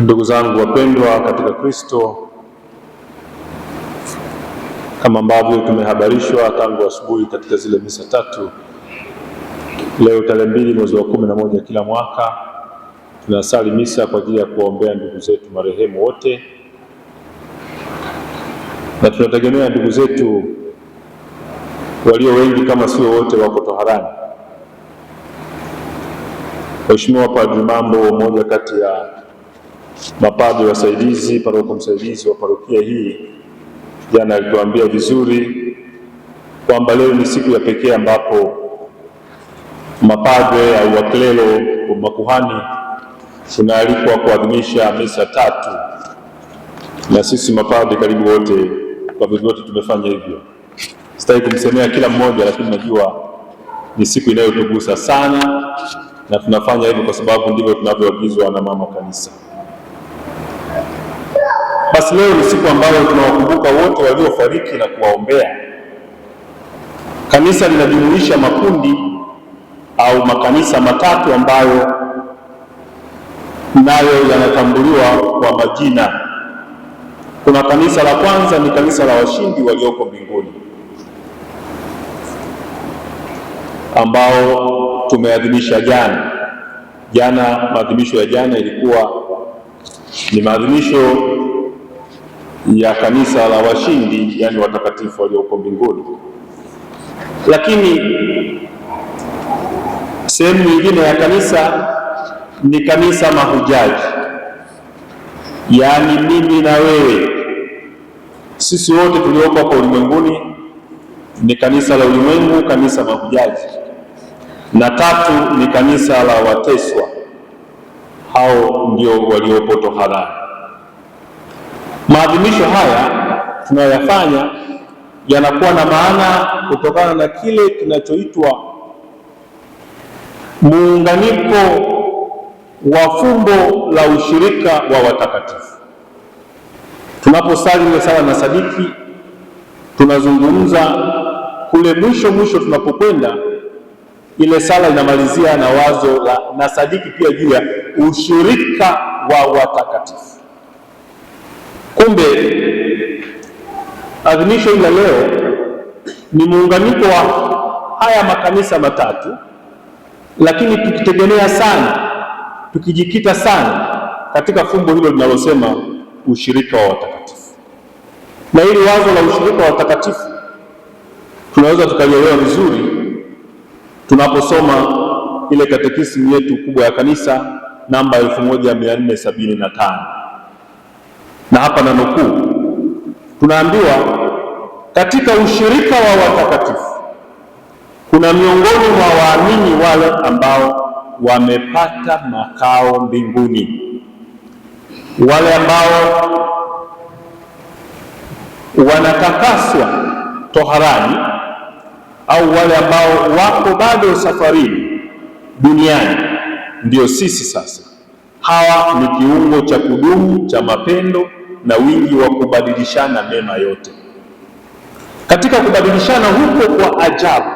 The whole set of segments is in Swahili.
Ndugu zangu wapendwa katika Kristo, kama ambavyo tumehabarishwa tangu asubuhi katika zile misa tatu, leo tarehe mbili mwezi wa kumi na moja kila mwaka tunasali misa kwa ajili ya kuwaombea ndugu zetu marehemu wote, na tunategemea ndugu zetu walio wengi kama sio wote wako toharani. Mheshimiwa Padri Mambo, mmoja kati ya mapadri wasaidizi, paroko msaidizi wa parokia hii, jana alituambia vizuri kwamba leo ni siku ya pekee ambapo mapadre au waklelo wa makuhani tunaalikwa kuadhimisha misa tatu, na sisi mapadre karibu wote kwa vyovyote tumefanya hivyo. Sitaki kumsemea kila mmoja, lakini najua ni siku inayotugusa sana, na tunafanya hivyo kwa sababu ndivyo tunavyoagizwa na mama kanisa. Basi leo ni siku ambayo tunawakumbuka wote waliofariki na kuwaombea. Kanisa linajumuisha makundi au makanisa matatu ambayo nayo yanatambuliwa kwa majina. Kuna kanisa la kwanza ni kanisa la washindi walioko mbinguni ambao tumeadhimisha jana. Jana maadhimisho ya jana ilikuwa ni maadhimisho ya kanisa la washindi, yani watakatifu walioko mbinguni. Lakini sehemu nyingine ya kanisa ni kanisa mahujaji, yaani mimi na wewe, sisi wote tulioko hapa ulimwenguni ni kanisa la ulimwengu, kanisa mahujaji. Na tatu ni kanisa la wateswa, hao ndio waliopo toharani. Maadhimisho haya tunayoyafanya yanakuwa na maana kutokana na kile kinachoitwa muunganiko wa fumbo la ushirika wa watakatifu. Tunaposali ile sala na sadiki, tunazungumza kule mwisho mwisho tunapokwenda ile sala inamalizia na wazo la na sadiki pia juu ya ushirika wa watakatifu. Kumbe adhimisho hili la leo ni muunganiko wa haya makanisa matatu, lakini tukitegemea sana, tukijikita sana katika fumbo hilo linalosema ushirika wa watakatifu. Na hili wazo la ushirika wa watakatifu tunaweza tukalielewa vizuri tunaposoma ile katekisimu yetu kubwa ya kanisa namba 1475 na hapa na nukuu, tunaambiwa katika ushirika wa watakatifu kuna miongoni mwa waamini wale ambao wamepata makao mbinguni, wale ambao wanatakaswa toharani, au wale ambao wako bado safarini duniani, ndio sisi sasa. Hawa ni kiungo cha kudumu cha mapendo na wingi wa kubadilishana mema yote. Katika kubadilishana huko kwa ajabu,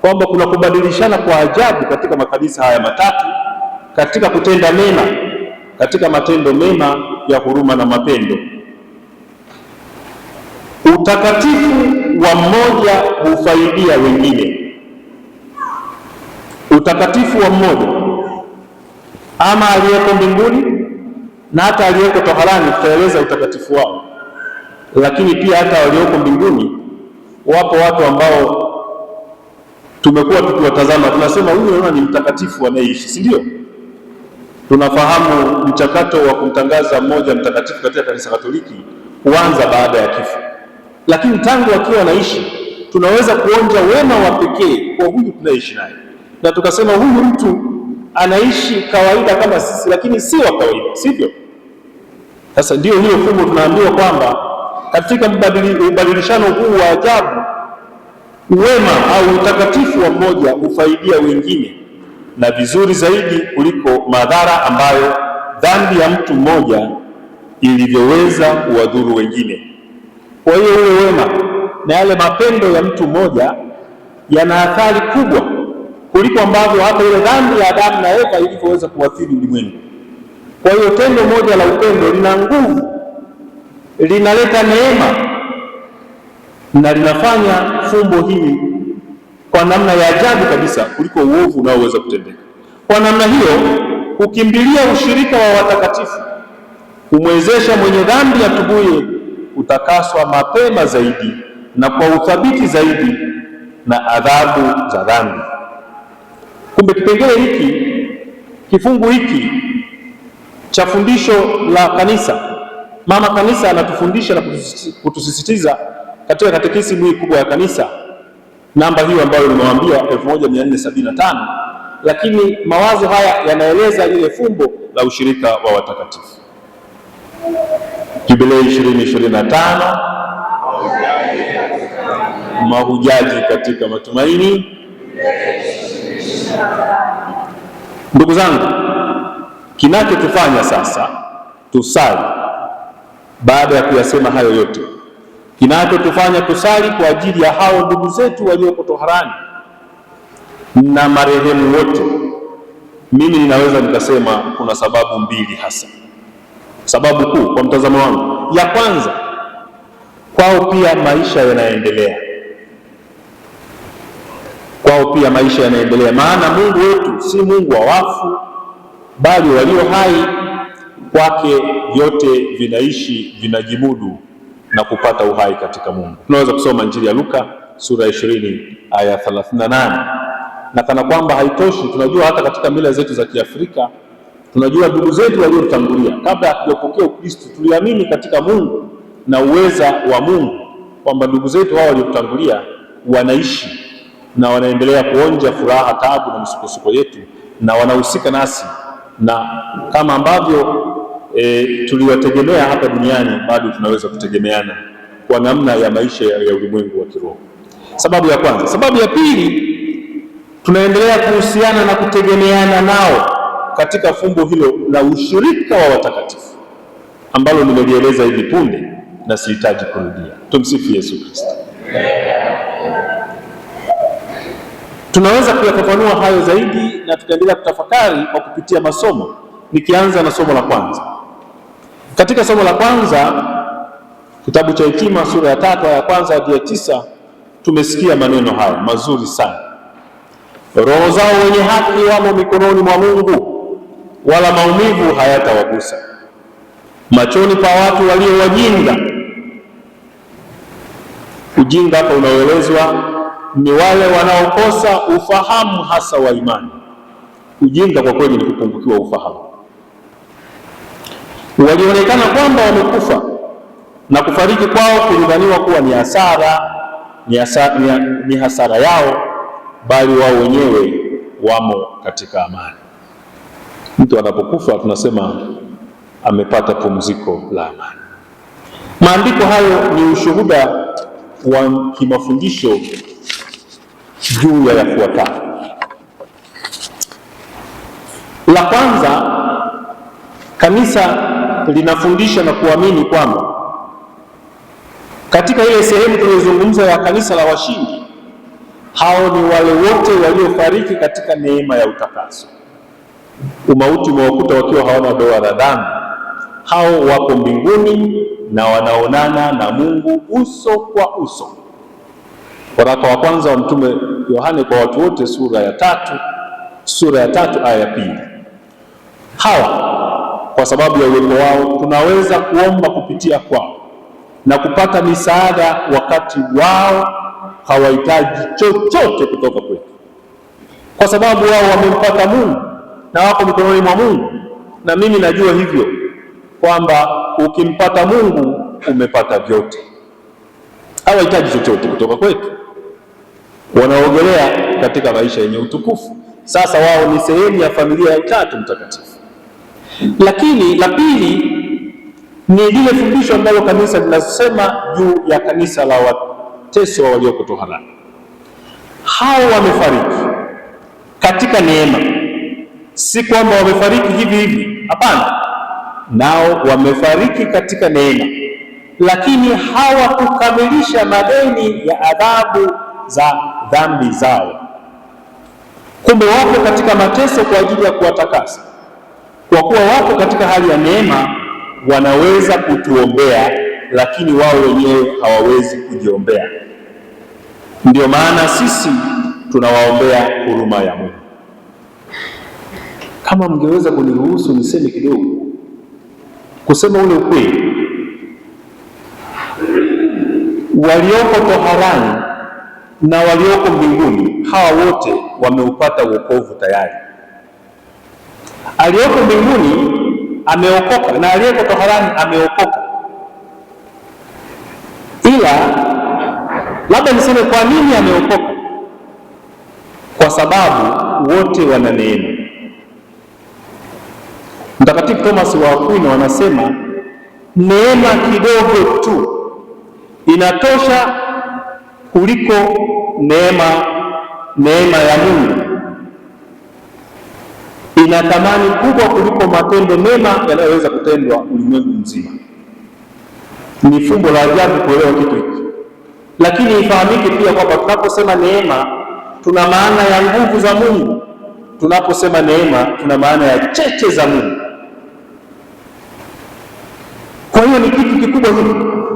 kwamba kuna kubadilishana kwa ajabu katika makanisa haya matatu, katika kutenda mema, katika matendo mema ya huruma na mapendo. Utakatifu wa mmoja hufaidia wengine, utakatifu wa mmoja ama aliyeko mbinguni na hata aliyoko toharani tutaeleza utakatifu wao, lakini pia hata walioko mbinguni wapo watu ambao tumekuwa tukiwatazama tunasema, huyu naona ni mtakatifu anayeishi, si ndio? Tunafahamu mchakato wa kumtangaza mmoja mtakatifu katika kanisa Katoliki huanza baada ya kifo, lakini tangu akiwa anaishi tunaweza kuonja wema wa pekee kwa huyu tunaishi naye, na tukasema huyu mtu anaishi kawaida kama sisi, lakini si wa kawaida, sivyo? Sasa ndio hiyo fungu tunaambiwa kwamba katika mbadilishano huu wa ajabu, uwema au utakatifu wa mmoja hufaidia wengine na vizuri zaidi kuliko madhara ambayo dhambi ya mtu mmoja ilivyoweza kuwadhuru wengine. Kwa hiyo ule wema na yale mapendo ya mtu mmoja yana athari kubwa kuliko ambavyo hata ile dhambi ya Adamu na Eva ilivyoweza kuathiri ulimwengu. Kwa hiyo tendo moja la upendo lina nguvu, linaleta neema na linafanya fumbo hili kwa namna ya ajabu kabisa kuliko uovu unaoweza kutendeka. Kwa namna hiyo, kukimbilia ushirika wa watakatifu kumwezesha mwenye dhambi atubuye kutakaswa mapema zaidi na kwa uthabiti zaidi na adhabu za dhambi. Kumbe kipengele hiki, kifungu hiki cha fundisho la kanisa. Mama kanisa anatufundisha na kutusisitiza katika katekisimu hii kubwa ya kanisa, namba hiyo ambayo nimewaambia 1475 lakini mawazo haya yanaeleza lile fumbo la ushirika wa watakatifu. Jubilei 2025 mahujaji katika matumaini. Ndugu zangu Kinachotufanya sasa tusali baada ya kuyasema hayo yote, kinachotufanya tusali kwa ajili ya hao ndugu zetu walioko toharani na marehemu wote, mimi ninaweza nikasema kuna sababu mbili hasa, sababu kuu kwa mtazamo wangu. Ya kwanza, kwao pia maisha yanaendelea, kwao pia maisha yanaendelea, maana Mungu wetu si Mungu wa wafu bali walio hai kwake vyote vinaishi, vinajimudu na kupata uhai katika Mungu. Tunaweza kusoma Injili ya Luka sura ya aya 38 na kana kwamba haitoshi, tunajua hata katika mila zetu za Kiafrika tunajua ndugu zetu waliotangulia kabla hatujapokea Ukristo tuliamini katika Mungu na uweza wa Mungu kwamba ndugu zetu hao waliotangulia wanaishi na wanaendelea kuonja furaha, taabu na msukosuko yetu na wanahusika nasi na kama ambavyo e, tuliwategemea hapa duniani bado tunaweza kutegemeana kwa namna ya maisha ya, ya ulimwengu wa kiroho. Sababu ya kwanza. Sababu ya pili, tunaendelea kuhusiana na kutegemeana nao katika fumbo hilo la ushirika wa watakatifu ambalo nimelieleza hivi punde na sihitaji kurudia. Tumsifu Yesu Kristo. Tunaweza kuyafafanua hayo zaidi na tutaendelea kutafakari kwa kupitia masomo, nikianza na somo la kwanza. Katika somo la kwanza, kitabu cha Hekima sura ya tatu aya ya kwanza hadi ya tisa, tumesikia maneno haya mazuri sana: roho zao wenye haki wamo mikononi mwa Mungu, wala maumivu hayatawagusa. Machoni pa watu walio wajinga, ujinga hapa unaoelezwa ni wale wanaokosa ufahamu hasa wa imani. Ujinga kwa kweli ni kupungukiwa ufahamu. Walionekana kwamba wamekufa na kufariki kwao kulidhaniwa kuwa ni hasara, ni hasara, ni hasara yao, bali wao wenyewe wamo katika amani. Mtu anapokufa tunasema amepata pumziko la amani. Maandiko hayo ni ushuhuda wa kimafundisho juu ya yafuatayo. La kwanza, kanisa linafundisha na kuamini kwamba katika ile sehemu tuliyozungumza ya kanisa la washindi, hao ni wale wote waliofariki katika neema ya utakaso. Umauti umewakuta wakiwa hawana doa la dhambi, hao wapo mbinguni na wanaonana na Mungu uso kwa uso. Waraka wa kwanza wa Mtume Yohane kwa watu wote sura ya tatu sura ya tatu aya ya pili. Hawa kwa sababu ya uwepo wao tunaweza kuomba kupitia kwao na kupata misaada wakati wao hawahitaji chochote kutoka kwetu, kwa sababu wao wamempata Mungu na wako mikononi mwa Mungu. Na mimi najua hivyo kwamba ukimpata Mungu umepata vyote, hawahitaji chochote kutoka kwetu wanaogelea katika maisha yenye utukufu. Sasa wao ni sehemu ya familia ya Utatu Mtakatifu. Lakini la pili ni lile fundisho ambalo kanisa linasema juu ya kanisa la wateso walioko toharani. Hao wamefariki katika neema, si kwamba wamefariki hivi hivi, hapana, nao wamefariki katika neema, lakini hawakukamilisha madeni ya adhabu za dhambi zao. Kumbe wako katika mateso kwa ajili ya kuwatakasa. Kwa kuwa wako katika hali ya neema, wanaweza kutuombea, lakini wao wenyewe hawawezi kujiombea. Ndio maana sisi tunawaombea huruma ya Mungu. Kama mngeweza kuniruhusu niseme kidogo, kusema ule ukweli, walioko toharani na walioko mbinguni, hawa wote wameupata wokovu tayari. Aliyoko mbinguni ameokoka na aliyeko toharani ameokoka, ila labda niseme kwa nini ameokoka? Kwa sababu wote wana neema. Mtakatifu Thomas wa Aquino anasema neema kidogo tu inatosha kuliko neema neema ya Mungu ina thamani kubwa kuliko matendo mema yanayoweza kutendwa ulimwengu mzima. Ni fumbo la ajabu kuelewa kitu hiki, lakini ifahamike pia kwamba tunaposema neema tuna maana ya nguvu za Mungu, tunaposema neema tuna maana ya cheche za Mungu. Kwa hiyo ni kitu kikubwa hiki.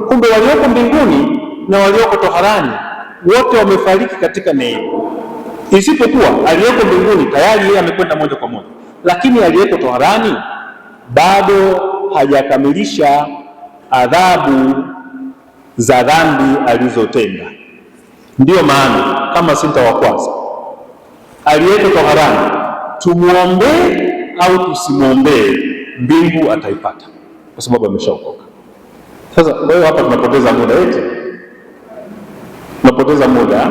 Kumbe walioko mbinguni na walioko toharani wote wamefariki katika neema, isipokuwa aliyeko mbinguni tayari yeye amekwenda moja kwa moja, lakini aliyeko toharani bado hajakamilisha adhabu za dhambi alizotenda. Ndiyo maana kama Sinta wa kwanza aliyeko toharani, tumwombee au tusimwombee, mbingu ataipata kwa sababu ameshaokoka. Sasa kwa hiyo hapa tunapoteza muda wetu tunapoteza muda.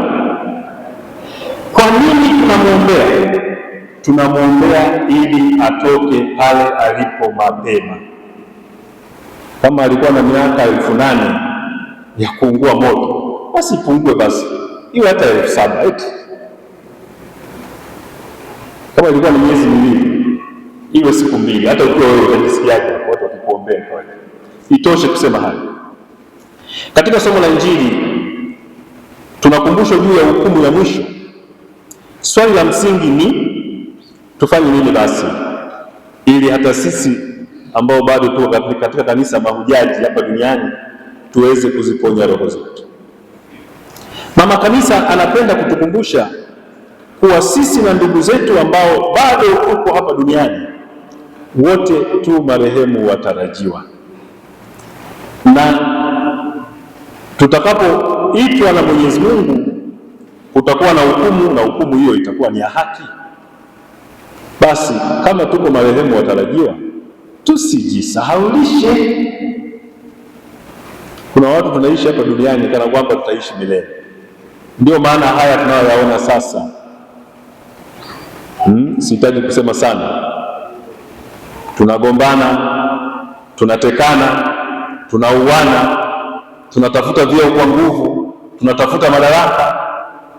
Kwa nini tunamwombea? Tunamwombea ili atoke pale alipo mapema. Kama alikuwa na miaka elfu nane ya kuungua moto, basi ipungue, basi iwe hata elfu saba eti kama ilikuwa ni miezi miwili iwe siku mbili, hata ukiwa wewe utajisikiaje watu wakikuombea? itoshe kusema hayo. Katika somo la Injili Tunakumbushwa juu ya hukumu ya mwisho. Swali la msingi ni tufanye nini basi, ili hata sisi ambao bado tuko katika kanisa mahujaji hapa duniani tuweze kuziponya roho zetu. Mama Kanisa anapenda kutukumbusha kuwa sisi na ndugu zetu ambao bado tuko hapa duniani wote tu marehemu watarajiwa, na tutakapo kuitwa na Mwenyezi Mungu utakuwa na hukumu, na hukumu hiyo itakuwa ni ya haki. Basi kama tuko marehemu watarajiwa, tusijisahaulishe. Kuna watu tunaishi hapa duniani kana kwamba tutaishi milele. Ndio maana haya tunayoyaona sasa, hmm, sihitaji kusema sana. Tunagombana, tunatekana, tunauana tunatafuta vyeo kwa nguvu, tunatafuta madaraka,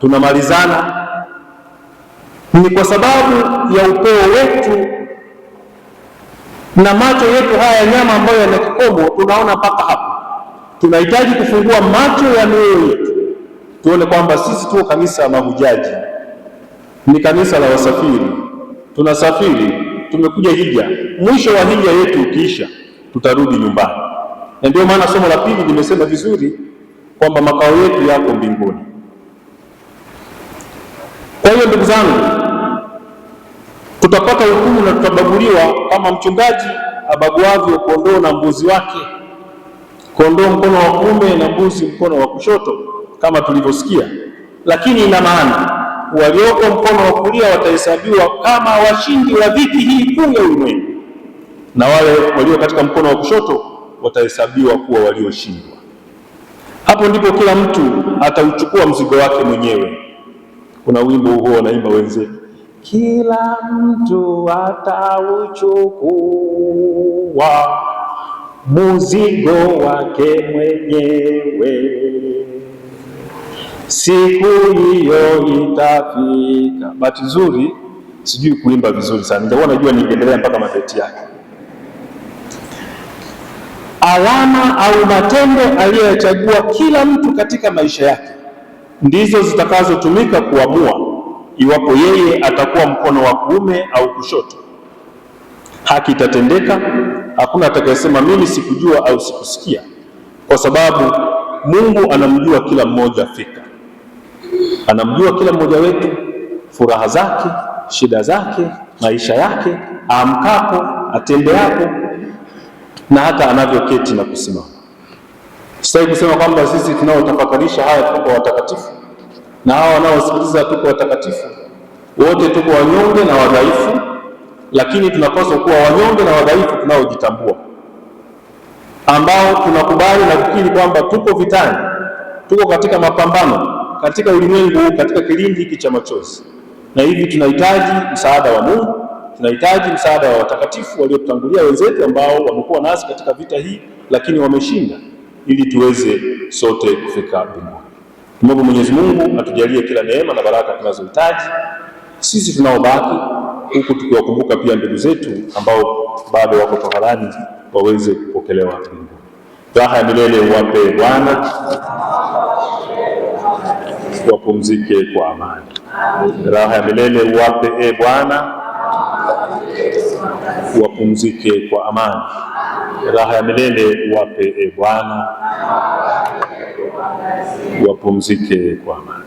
tunamalizana. Ni kwa sababu ya upeo wetu na macho yetu haya ya nyama ambayo yana kikomo, tunaona mpaka hapo. Tunahitaji kufungua macho ya mioyo yetu tuone kwamba sisi tuko kanisa la mahujaji, ni kanisa la wasafiri. Tunasafiri, tumekuja hija. Mwisho wa hija yetu ukiisha, tutarudi nyumbani. Na ndio maana somo la pili limesema vizuri kwamba makao yetu yako mbinguni. Kwa hiyo ndugu zangu, tutapata hukumu na tutabaguliwa kama mchungaji abaguavyo kondoo na mbuzi wake, kondoo mkono wa kuume na mbuzi mkono wa kushoto, kama tulivyosikia. Lakini ina maana walioko mkono wa kulia watahesabiwa kama washindi wa dhiki hii kuu ya ulimwengu, na wale walio katika mkono wa kushoto watahesabiwa kuwa walioshindwa. Hapo ndipo kila mtu atauchukua mzigo wake mwenyewe. Kuna wimbo huo wanaimba wenzetu, kila mtu atauchukua mzigo wake mwenyewe, siku hiyo itafika. Bahati nzuri sijui kuimba vizuri sana, nitakuwa najua nikiendelea mpaka mabeti yake alama au matendo aliyoyachagua kila mtu katika maisha yake ndizo zitakazotumika kuamua iwapo yeye atakuwa mkono wa kuume au kushoto. Haki itatendeka, hakuna atakayesema mimi sikujua au sikusikia, kwa sababu Mungu anamjua kila mmoja fika, anamjua kila mmoja wetu, furaha zake, shida zake, maisha yake, aamkapo, atembeapo na hata anavyoketi na kusimama. Sitaki kusema kwamba sisi tunaotafakarisha haya tuko watakatifu na hawa wanaosikiliza tuko watakatifu, wote tuko wanyonge na wadhaifu, lakini tunapaswa kuwa wanyonge na wadhaifu tunaojitambua, ambao tunakubali na kukiri kwamba tuko vitani, tuko katika mapambano katika ulimwengu, katika kilindi hiki cha machozi, na hivi tunahitaji msaada wa Mungu tunahitaji msaada wa watakatifu waliotutangulia wenzetu ambao wamekuwa nasi katika vita hii, lakini wameshinda, ili tuweze sote kufika mbinguni. Tumwombe Mwenyezi Mungu atujalie kila neema na baraka tunazohitaji sisi tunaobaki, huku tukiwakumbuka pia ndugu zetu ambao bado wako toharani, waweze kupokelewa mbinguni. Raha ya milele uwape Bwana, wapumzike kwa amani. Raha ya milele uwape e Bwana wapumzike kwa amani. Raha ya milele wape, e Bwana, wapumzike kwa amani.